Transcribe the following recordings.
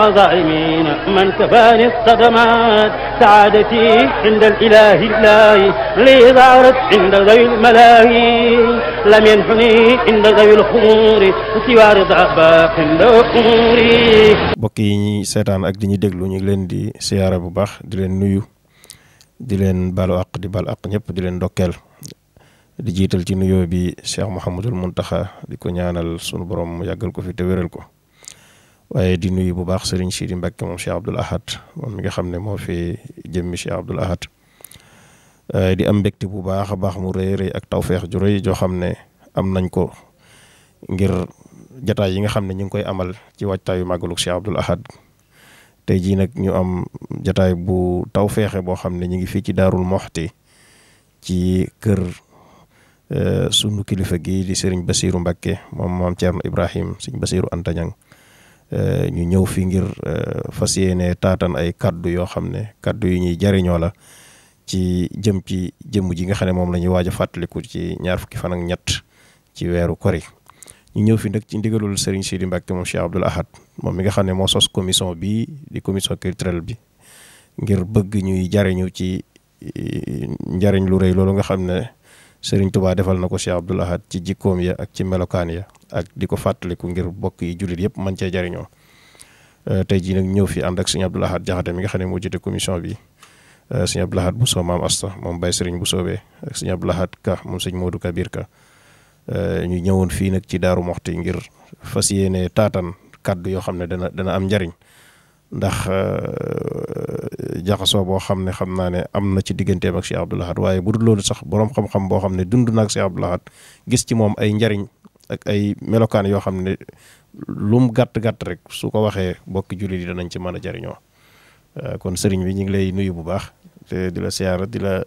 والظالمين من كفاني الصدمات سعادتي عند الإله الله لي ظهرت عند ذوي الملاهي لم ينحني عند ذوي الخمور سوى رضا باق أموري mbokk yi ñuy seetaan ak di ñu déglu ñu ngi leen di siyaare bu baax di leen nuyu di leen balu àq di balu àq ñëpp di leen dokkeel di jiital ci nuyoo bi Cheikh Mouhamadul Mountakha di ko ñaanal sunu borom mu yàggal ko fi te wéral ko waaye di nuyu bu baax Serigne Sidi Mbacke moom Cheikh Abdoul Ahad moom mi nga xam ne moo fi jëmmi Cheikh Abdoul Ahad eh, di am mbégte bu baax a baax mu rëy rëy ak tawfeex ju rëy joo xam ne am nañ ko ngir jataay yi nga xam ne ñu ngi koy amal ci waajtaayu màggaluk Cheikh Abdoul Ahad tey jii nag ñu am jataay bu taw tawfeexe boo xam ne ñu ngi fii ci Daarul Moxti ci kër eh, sunu kilifa gi di Serigne Bassirou Mbacke moom maam Thierno Ibrahim Serigne basiru Anta Niang Euh, ñu ñëw fi ngir euh, fas yéene taatan ay kaddu yoo xam ne kaddu yu ñuy jariñoo la ci jëm ci jëm ji nga xam ne moom la ñuy waaj a fàttaliku ci ñaar fukki fan ak ñett ci weeru kori ñu ñëw fi nag ci ndigalul Serigne Sidi Mbacke moom Cheikh Abdoul Ahad moom mi nga xam ne moo sos commission bi di commission culturelle bi ngir bëgg ñuy jariñu ci njariñ lu rey loolu nga xam ne Serigne Touba defal na ko Cheikh Abdoul Ahad ci jikkoom ya ak ci melokaan ya ak di ko fàttaliku ngir bokk yi jullit yëpp mën cee jariñoo euh, tey jii nag ñëw fi ànd ak sëñ Abdou Lahad Jaxate mi nga xam ne moo jiite commission bi euh, sëñ Abdou Lahad Bousso maam Asta moom bay Serigne bu soobee ak sëñ Abdou Lahad Ka moom sëñ Modou Kabir Ka euh, ñu ñëwoon fii nag ci Daaru Moxti ngir fas yéene taatan kàddu yoo xam ne dana dana am njariñ ndax jaxasoo boo xam ne xam naa ne am na ci digganteem ak Cheikh Abdou Lahad waaye bu dul loolu sax boroom xam-xam boo xam ne dund na ak Cheikh gis ci moom ay njariñ ak ay melokaan yoo xam ne lum gàtt-gàtt rek su ko waxee bokki jullit yi danañ ci mën a jariñoo euh, kon sëriñ bi ñu ngi lay nuyu bu baax te di la siyaara di la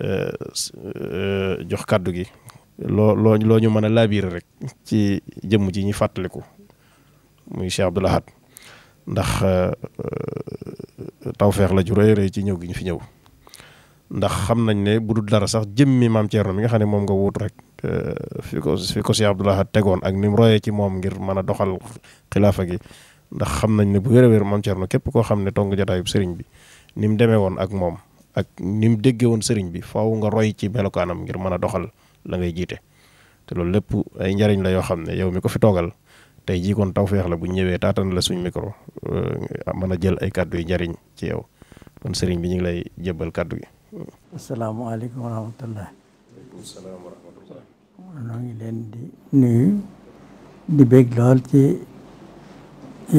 euh, jox kàddu gi loo loo loo ñu mën a laabiir rek ci jëmm ji ñu fàttaliku muy Cheikh Abdoul Ahad ndax euh, tawfeex la ju rëy ci ñëw gi ñu fi ñëw ndax xam nañ ne bu dul dara sax jëmmi maam Thierno mi nga xam ne moom nga wut rek euh, fi ko fi ko Cheikh Abdoul Ahad tegoon ak ni mu royee ci moom ngir mën a doxal xilaafa gi ndax xam nañ ne bu wér a wér maam Thierno képp koo xam ne tong jataayub sëriñ bi ni mu demee woon ak moom ak ni mu déggee woon sëriñ bi faaw nga roy ci melokaanam ngir mën a doxal la ngay jiite te loolu lépp ay njariñ la yoo xam ne yow mi ko fi toogal tey jii kon tawféex la bu ñëwee taatan la suñ micro euh, mën a jël ay kàddu yu njariñ ci yow kon sëriñ bi ñu ngi lay jébbal kàddu gi. asalaamaaleykum wa rahmatullah. waaleykum salaam wa ngi leen di nuyu di bég lool ci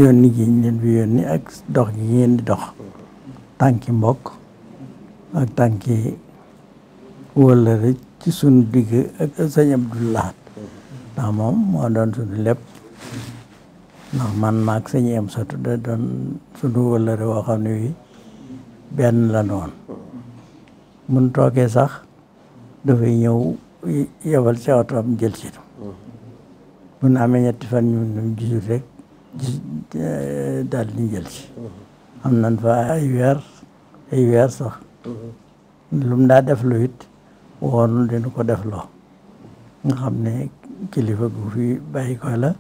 yónni gi ñu leen fi yónni ak dox gi ngeen di dox tànki mbokk ak tànki wëllëre ci sunu digg ak sëñ Abdoulahat ndax moom moo doon sunu lépp ndax man maag sëñ am sotu da doon sunu wëllëre woo xam ne wi benn la noon mun toogee sax dafay ñëw yebal ca otoom jël si mun amee ñetti fan ñu ñu gisul rek gis eh, daal jël si am nan fa ay weer ay weer sax lu mu daa def lu it woonul dina ko def loo nga xam ne kilifa gu fi bàyyi ko la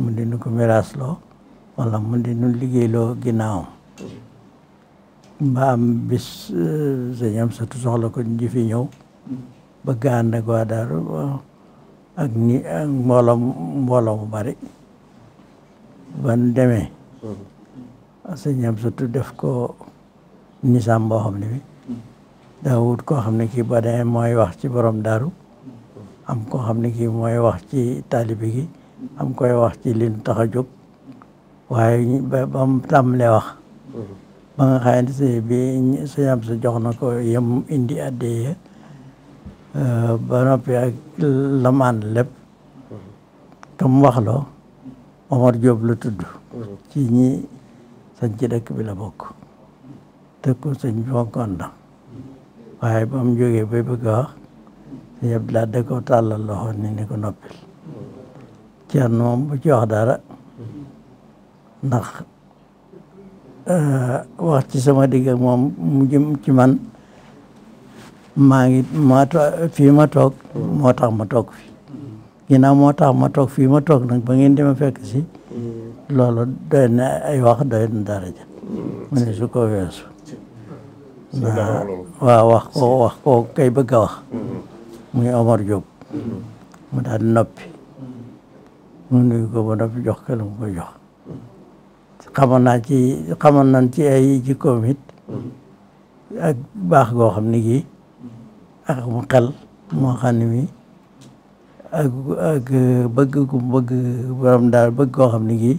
mu dina ko miraas loo wala mu dina liggéey loo ginnaawam ma am bis eh, sëñ am satu soxla ko ji fi ñëw bëgg ànd ak waa daaru ni ak mbooloo mbooloo mu bari ban demee sëñ am def ko nisaam boo xam ne wut koo xam ne kii ba demee mooy wax ci borom daaru am koo xam ne kii mooy wax ci taalibe gi am koy wax ci li nu tax a jóg waaye ba mu tàmbalee wax ba nga xamante bii sëñ am sa jox na ko yem indi addiya euh, ba noppi ak lamaan lépp kam mm-hmm. waxloo Omar Diop la tudd mm-hmm. ci ñi sañ ci dëkk bi la bokk dëkku sëñ bi fonkoon na waaye ba mu jógee bay bëgg a wax sëñ Abdoulaye da ko tàllal loxo ni ni ko noppil Thierno mm-hmm. moom bu ci dara ndax Eh, wax ci sama digg ak moom mu jëm ci man maa ngi ma fii ma toog moo tax ma toog fi ginnaaw moo tax ma toog fii ma toog nag ba ngeen dema fekk si loolu doy na ay wax doy na daraja mu ne su ko weesu wax ko kay bëgg a wax muy Omar Diop mm-hmm. mu daal noppi mu nuyu ko noppi jox ko la mu ko jox xamoon naa ci xamoon nañ ci ay jikkoom it ak baax goo xam ne gii ak mu xel moo xam ne mi ak ak bëgg gu bëgg borom daal bëgg goo xam ne gii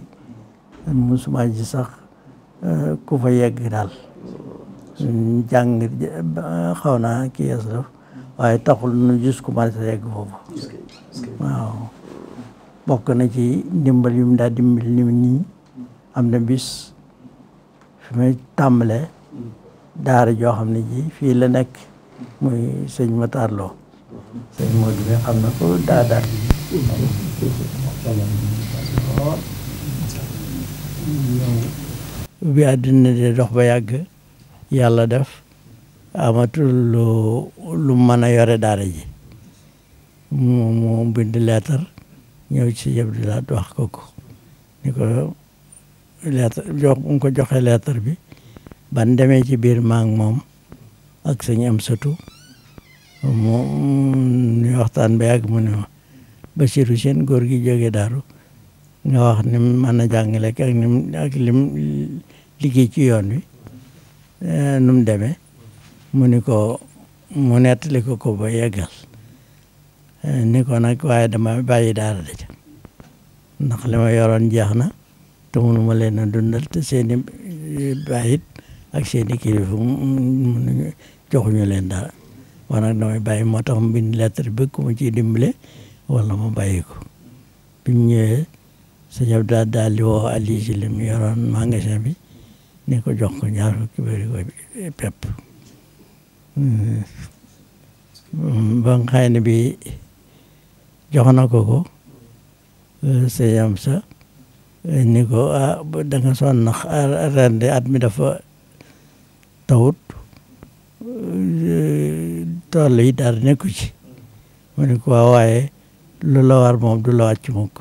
musuma ji sax eh, ku fa daal jàng xaw naa kii yees def waaye taxul nu gis ku mën a yegg bokk na ci ndimbal yu mu daa dimbali nit am na bis fi may tàmbalee daara joo xam ne ji fii la nekk muy sëñ Matar Lo sëñ Modou bi xam na ko daa daal bi àddina di dox ba yàgg yàlla def amatul lu lu mën a yore daara ji mu mu bind leetar ñëw ci Abdoulaye wax ko ko ni lettre jox bu ko joxe lettre bi ban demee ci biir maak moom ak sëñ am satu mu ñu waxtaan ba yàgg mu ne ma Basiru seen góor gi jógee daaru nga wax nim mu mën a jàngale ak ni ci yoon wi eh, nu deme mu ni ko mu nettali ko ko ba yeggal eh, ni ko nag waaye dama bàyyi daara de ca ndax li ma yoroon jeex na te mënuma leen a dundal te seen i ak seen i kilifa mënuñu joxuñu leen dara wax nag damay bàyyi moo tax mu bind lettre bi ku ma ciy dimbale wala ma bàyyi ko bi mu ñëwee daal di woo Aliou si li mu yoroon bi ne ko jox ko ñaar fukki bërigo pepp hmm. ba nga xay ne bi jox ko ko sëñ am ni ko ah da nga sonn ndax ren de at mi dafa tawut tool yi daal nekku ci mu ne ko waaye lu la war moom du la wàcc mukk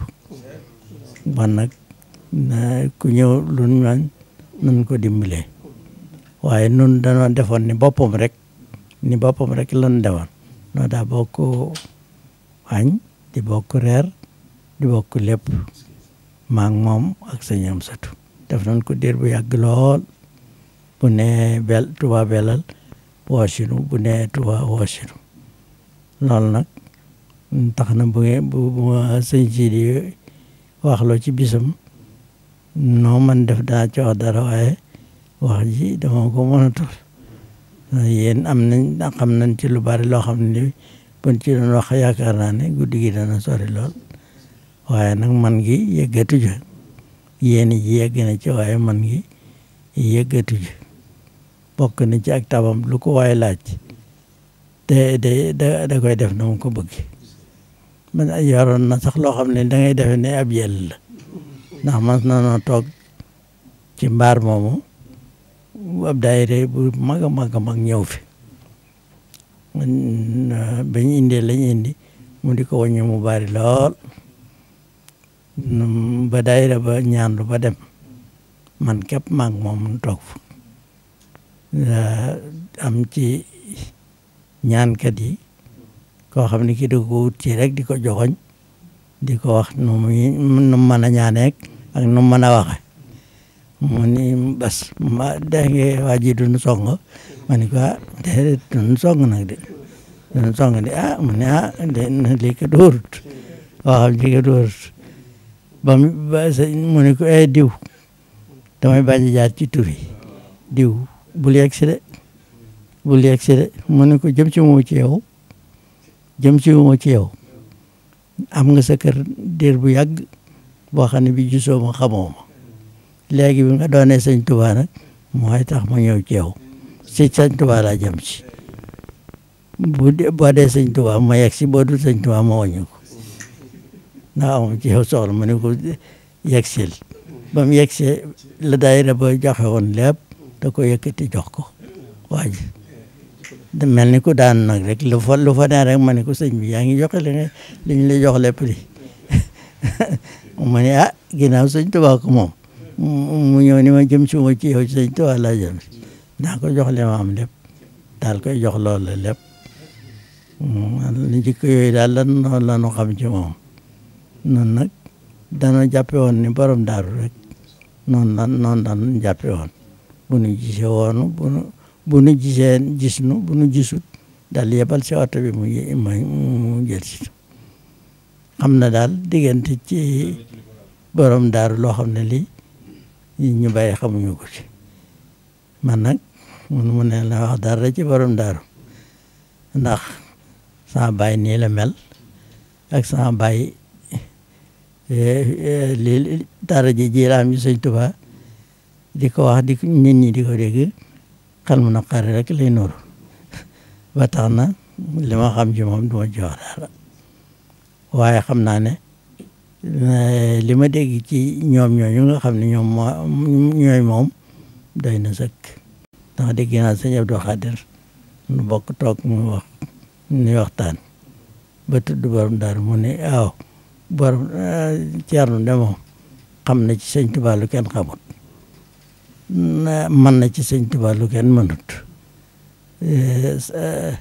man nag ku ñëw lu ñu nun ko dimbalee waaye nun dañoo defoon ni boppam rek ni boppam rek lan dewoon noo daa bokk añ di bokk reer di bokk lépp maak moom ak sëñ Amsatu def nañ ko diir bu yàgg lool bu ne bel Tuubaa belal woosinu bu ne Tuubaa woosinu loolu nag tax na bu ngeen bu sëñ si di loo ci bisam noo man def daa ci wax dara waaye wax ji dama ko mënatul yéen am nañ xam nañ ci lu bari loo xam ne buñ ci doon wax yaakaar naa ne guddi gi dana sori lool waaye nag man gi yëggatu ja yéen ji yegg na ci waaye man gi yëggatu ja bokk na ci ak tabam lu ko waaye laaj te de da koy def na mu ko bëgg man yoroon na sax loo xam ne da ngay defe ne ab yell la ndax mas na noo toog ci mbaar moomu ab daayira bu mag a mag mag ñëw fi bañ indee lañ indi mu di ko wàññi mu bari lool ba daayira ba ñaanlu ba dem man képp maag moom toog fa am ci ñaankat yi koo xam ne kii da ko wut ci rek di ko joxoñ di ko wax nu muy nu mën a ñaaneek ak num mën a waxe mu ni bas ma dégg waa ji duñu ni ko ah déedéet duñu song nag de duñu song de ah mu ne ah de lii ko dóorut koo xam ne lii ba mu ba mu ne ko eh diw damay bañ a jaar ci tur diw bul yegg si de bul yegg si de mu ne ko jëm ci moo ci yow jëm ci ci yow am nga sa kër diir bu yàgg boo xam ne bi gisoo ma xamoo ma léegi bi nga doonee sëñ Tuubaa nag mooy tax ma ñëw ci yow si sëñ Tuubaa laa jëm ci bu boo dee sëñ ma yegg si boo dul sëñ Tuubaa naam ci soxla mu ne ko yegsil ba mu yegsee la daayira ba joxe woon lépp da ko yëkkati jox ko waa mel ni ku daan nag rek lu fa lu fa ne ma ne ko sëñ bi yaa ngi joxe li nga li ñu lay jox lépp li ma ne ah sëñ Tuubaa ko moom mu ñëw ni ma jëm si ma ci yow ci sëñ Tuubaa laa jëm ko jox li ma am lépp daal koy jox loolu la lépp jikko yooyu daal lan noonu la ñu ci moom noonu nag dana jàppe woon ni borom daaru rek noonu lan noonu lan jàppe woon bu nu gisee woonu nu bu nu dal yebal si oto bi mu mu si xam na daal diggante ci borom daaru loo xam ne lii yi ñu bàyyi xamuñu ko ci man nag mun mu ne la wax dara ci borom daaru ndax sama baay nii la mel ak sama baay Eh, eh, li daara ji jilaam ji sëñ Tuubaa di ko wax di nit ñi di ko dégg xel mu naqari rek lay nuuru ba tax na li ma xam ci moom du ma jox dara waaye xam naa ne eh, li ma dégg ci ñoom ñooñu nga xam ne ñoom moo ñooy doy na sëkk ndax dégg naa sëñ Abdou Khadir nu bokk toog mu wax nu waxtaan ba tudd borom daara mu ne aaw bor Ceerno eh, de moom xam na ci sëñ Tuubaa lu kenn man na ci sëñ Tuubaa lu kenn mënut eh, eh,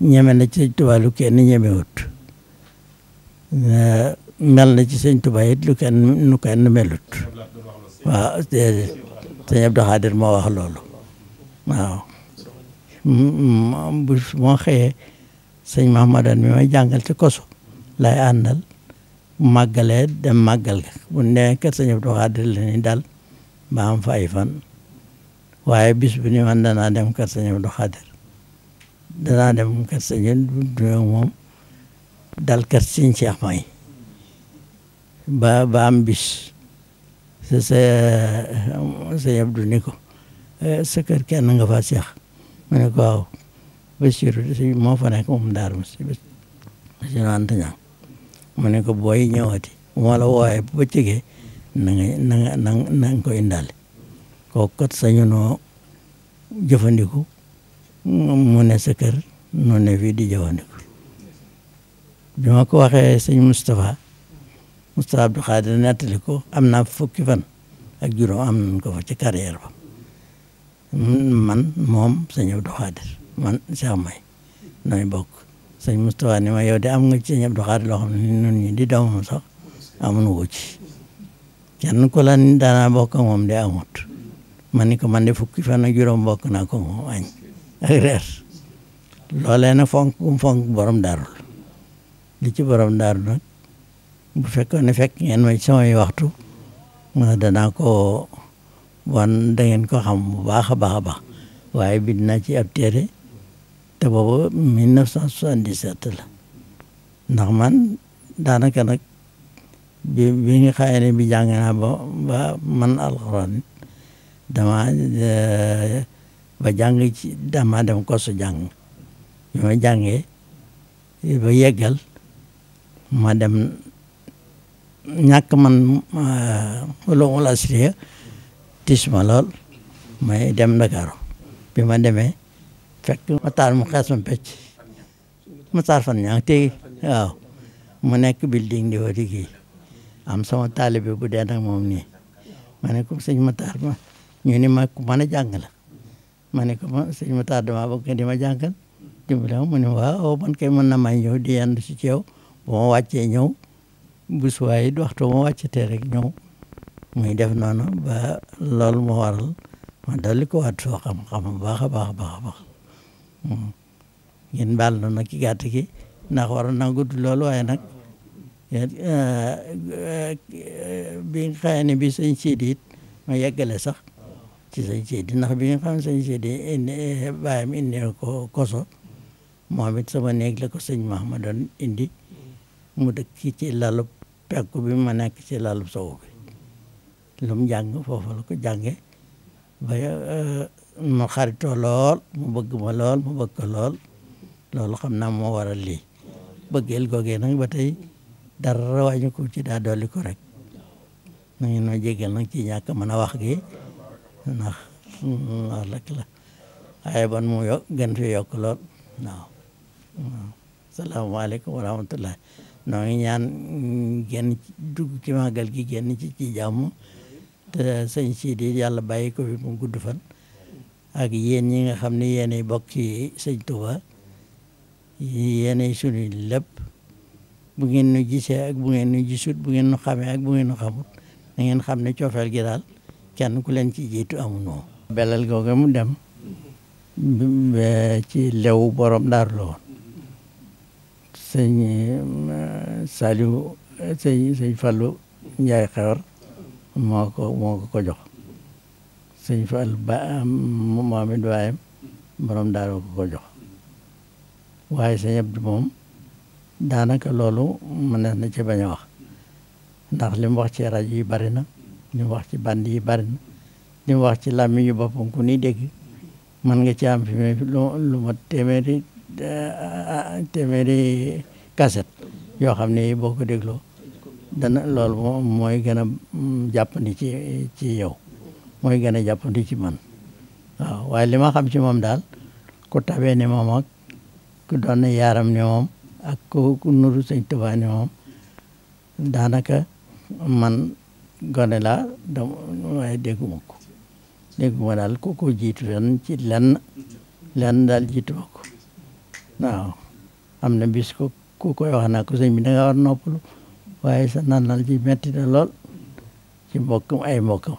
ñeme na ci sëñ Tuubaa lu kenn ñemewut mel na ci sëñ Tuubaa it lu kenn nu kenn melut waaw déedéet sëñ Abdou Khadir moo wax loolu waaw mm, mm, bu moo xëyee sëñ Mahamadan mi may jàngal ci koso lay àndal màggalee dem màggal ga bu nee kër sëñ Abdou dal ba am fan waaye bis bu ni man danaa dem kër sëñ Abdou Khadir danaa dem kër sëñ moom dal kër sëñ Cheikh may bis sa sa sëñ Abdou ko eh, sa kër kenn nga fa Cheikh mu ko waaw Bassirou moo fa nekk moom daaru ma si Bassirou Anta Niang mu ne ko booy ñëwaati bu ma la wooyee bu bëccëgee na nga na nga na na ko indaale kooku kat sañu noo jëfandiku mu ne sa nu ne fii di jëfandiku bi ma ko waxee sëñ Moustapha Moustapha Abdou Khadir nettali ko am na fukki fan ak juróom am nañ ko fa ci carrière ba man moom sëñ Abdou Khadir man Cheikh May nooy bokk sëñ Moustapha ni ma yow am nga ci sëñ Abdou Khadre loo xam ne nun ñi di doomam sax amuñu ko ci kenn ku la daanaa bokk ak moom de amut ma ni ko man de fukki fan ak juróom bokk naa ko moom añ ak reer ci borom daaru nag bu fekkoon fekk ngeen ma ci waxtu ma danaa ko wan ko xam bu baax a baax a baax waaye bind ci ab téere te boobu 1977 la ndax man daanaka nag bi bi nga xaye ne bi jàng naa ba ba man alxuraan dama eh, ba jàng ci dama dem kosu jàng bi ma jàngee ba yeggal ma dem ñàkk man ulumul asriya tis ma dem Ndakaaru bi ma fekk Matar mu xeesum pecc Matar fan ñaa ngi tey mu nekk building di wa liggéey am sama taalibe bu dee nag moom nii ma ne ko sëñ ma ñu ni ma ku mën a ma ne ko ma sëñ Matar dama bëgg nga di ma jàngal dimbali ma mu ne waaw man kay mën na may ñëw di yendu si ceew bu ma wàccee ñëw bu suwaay it waxtu ma wàccatee rek ñëw def noonu ba loolu ma waral ma dolli ko waat soo xam-xam baax a baax a baax Hmm. ngeen baal na nag ki gàtt ki ndax waroon naa gudd loolu waaye nag eh, eh, bi nga xam ne bi sëñ Sidi it ma yeggale sax ci sëñ Sidi ndax bi nga xam ne sëñ Sidi indi eh, bàyyam indi ko koso moom it sama la ko sëñ Mahamadoon indi mu dëkk ci lalub pekku bi ma nekk ci lalub sowu bi lu mu jàng foofu la ko jànge ba mu xaritoo lool mu bëgg ma lool mu bëgg ko lool loolu xam naa moo waral lii bëggeel googee nag ba tey dara wàññi ko ci daa dolli ko rek na ngeen ma jégal nag ci ñàkk mën a wax gi ndax wax rek la waaye mu yokk gën fi yokk lool waaw salaamaaleykum wa rahmatullah noo ngi ñaan génn dugg ci màggal gi génn ci ci jàmm te sëñ Sidi yàlla bàyyi ko fi mu gudd fan ak yéen ñi nga xam ne yéenay bokk yi sëñ Touba yéenay sunuy lépp bu ngeen nu gisee ak bu ngeen nu gisut bu ngeen nu xamee ak bu ngeen nu xamut da ngeen xam ne cofeel gi daal kenn ku leen ci jiitu amunoo belal googa mu dem ci lewu borom daal la woon sëñ Saliou sëñ sëñ Fallou Ndiaye moo ko moo ko ko sëñ Fall moom it waayam borom daaru ko ko jox waaye sëñ Abdou moom daanaka loolu mënees na ci bañ a wax ndax li wax ci rajo yi bari na li wax ci band yi bari na wax ci làmmiñ yu boppam ku ni dégg mën nga ci am fi mu lu ma téeméeri eh, téeméeri kaset yoo xam ne boo ko dégloo dana loolu mooy gën a jàpp ni ci ci yow mooy gën a di ci man waaw waaye li ci moom daal ku tabee ni moom ak ku doon na yaaram ni moom ak ku nuru sëñ Tuubaa ni moom daanaka man gone laa dama waaye dégguma ko dégguma daal ku ko jiitu ren ci len daal jiitu ma ko waaw am na bis ko ku koy wax naa ko sëñ nga war noppalu waaye sa naan nal ji metti na lool ci mbokkam ay mbokkam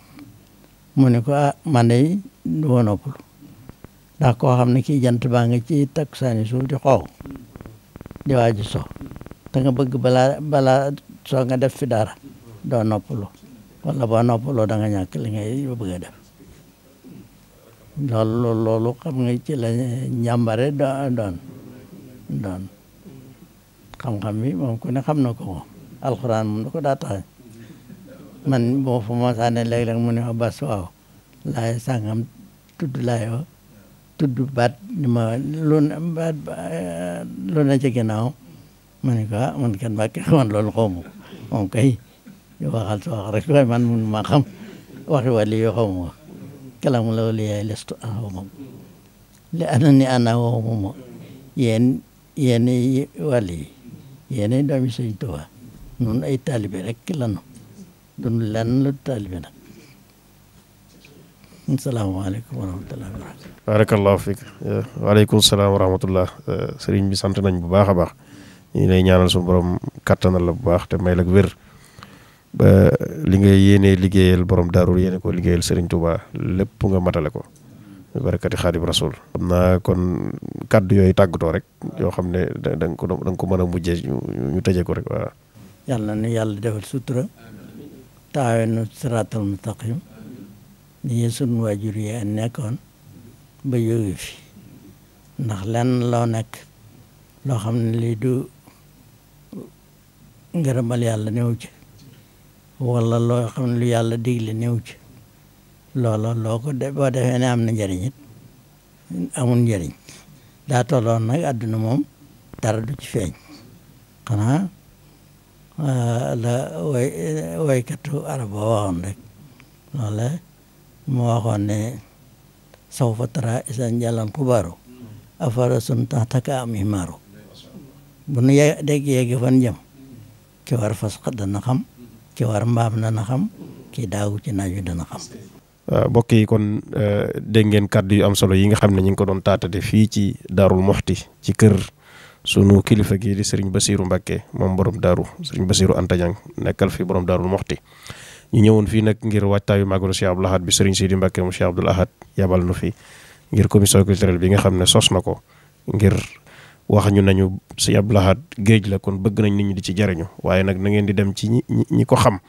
mu ne ko ah man de du ma noppalu ndax koo xam ne kii jant baa nga ci takkusaani suuf di xoow di waaju so te nga bëgg bala balaa soo nga def fi dara doo noppalu wala boo noppaloo da nga ñàkk li ngay bëgg a def loolu loolu xam nga ci la njàmbare doon doon xam bi moom ku ne xam na ko moom da ko man boo fa masaane léeg-léeg mu ne ma bas waaw laay sàngam tudd laayoo tudd baat ni ma lu baat eh, lu na ci ginnaaw ma ne ah, man kenn mbàkke xaman loolu xawma ko moom kay waxal sa rek waaye man mun maa waxi wàlli yoo xawma ko kalamu law li yaay lestu an ah, xawma ko li ana ni ana xawma dun lenn lu taalibe nag salaamaaleykum wa rahmatulah. baarakallahu salaam wa sëriñ bi sant nañ bu baax a baax ñu ne ñaanal suñu borom kattanal la bu baax te may la wér ba li nga yéenee liggéeyal borom daarul yéene ko liggéeyal sëriñ Touba lépp nga matale ko barakati xaadim rasul xam naa kon kaddu yooyu tàggatoo rek yoo xam ne da nga ko da nga ko mën a mujjee ñu tëjee ko rek waaw. yàlla na yàlla defal sutura. taxawee nu siraatal mustaqim ñi sunu waajur yi a nekkoon ba yóge fi ndax lenn loo nekk loo xam ne lii du ngërëmal yàlla néew ci wala loo xam ne lu yàlla digle néew ci loola loo ko am na njëriñ it amul njëriñ daa tolloon nag àdduna moom dara du ci feeñ xanaa la way arab ba waxoon rek loola mu waxoon ne sawfa tara isan jalan xubaaru afara sun tax taka am himaaru bu nu ye dégg yegg fan jëm ki war fas dana xam ki war mbaam dana xam ki daagu ci naaj wi dana xam mbokk yi kon dégg ngeen kàddu yu am solo yi nga xam ne ñu ngi ko doon taata taatate fii ci Daarul Muxti ci kër sunu kilifa gii di sëriñ Basiiru Mbàkke moom borom daaru sëriñ Basiiru Anta Ñaŋ nekkal fi borom daarul moxti ñu ñëwoon fii nag ngir waajtaayu màggalu Cheikh Abdoul Ahad bi sëriñ Sidi Mbàkke mu Cheikh Abdoul Ahad yabal nu fi ngir commission culturelle bi nga xam ne soos na ko ngir wax ñu nañu Cheikh Abdoul Ahad géej la kon bëgg nañ nit ñi di ci jariñu waaye nag na ngeen di dem ci ñi ñi ko xam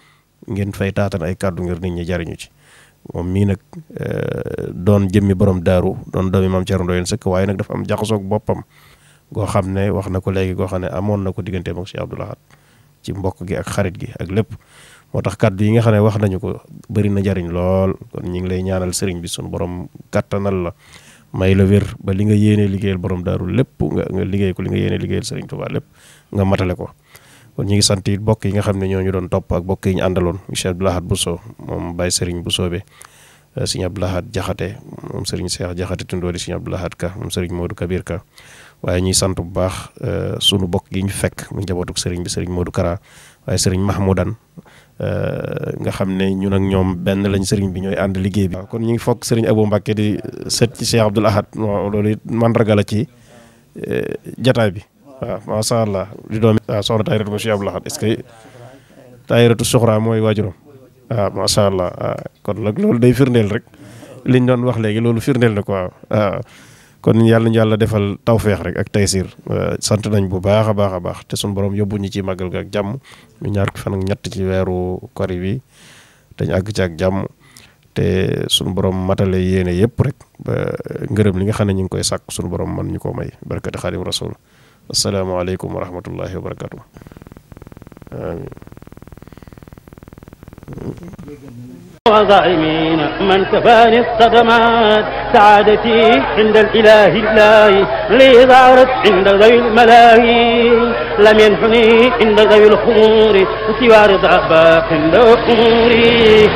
ngeen fay taatan ay kàddu ngir nit ñi jariñu ci moom mii nag euh, doon jëmmi borom daaru doon doomi maam Cerno Ndoyeen sëkk waaye nag dafa am jaxasoog boppam goo xam ne wax na ko léegi goo xam ne amoon na ko digganteem ak Cheikh Abdoul Ahad ci mbokk gi ak xarit gi ak lépp moo tax kàddu yi nga xam ne wax nañu ko bëri na jariñ lool kon ñu ngi lay ñaanal sëriñ bi suñu borom kàttanal la may la wér ba li nga yéene liggéeyal borom daaru lépp nga liggéey ko li nga yéene liggéeyal sëriñ Tuubaa lépp nga matale ko kon ñu ngi sant bokk yi nga xam ne ñoo ñu doon topp ak bokk yi ñu àndaloon Cheikh Abdoul bu Bousso moom Baye Serigne Bousso be euh, Serigne Abdoul Ahad Jaxate moom Serigne Cheikh Jaxate tundoo di Serigne Abdoul Ahad Ka moom Serigne Modou Kabir Ka waaye ñuy sant bu baax euh, sunu bokk yi ñu fekk mu njabootuk sëriñ bi sëriñ Modou Kara waaye sëriñ Mahmoudan euh, nga xam ne ñun ak ñoom benn lañ sëriñ bi ñooy ànd liggéey bi. kon ñu ngi foog sëriñ Abou Mbacke di sët ci Cheikh Abdoul Ahad loolu it ci euh, jataay bi waaw di doom waaw soxna Tahiratu Cheikh Abdoul Ahad est-ce mooy waajuram waaw macha allah kon nag loolu day firndeel rek liñ doon wax léegi loolu firndeel na ko waaw. kon yàlla ñu yàlla defal tawféex rek ak taysiir euh, sant nañ bu baax a baax a baax te suñu borom yóbbu ñu ci màggal ga ak jàmm ñu ñaar fan ak ñett ci weeru kori bi te àgg ci ak jàmm te suñu borom matale yéene yëpp rek ba li nga xam ne ñu ngi koy sàkk suñu borom man ñu ko may barkati xaadim rasul asalaamaaleykum wa rahmatullahi wa barakaatu. amiin وظالمين من كفاني الصدمات سعادتي عند الإله الله لي ظهرت عند ذوي الملاهي لم ينحني عند ذوي الخمور سوى رضا باق عند أموري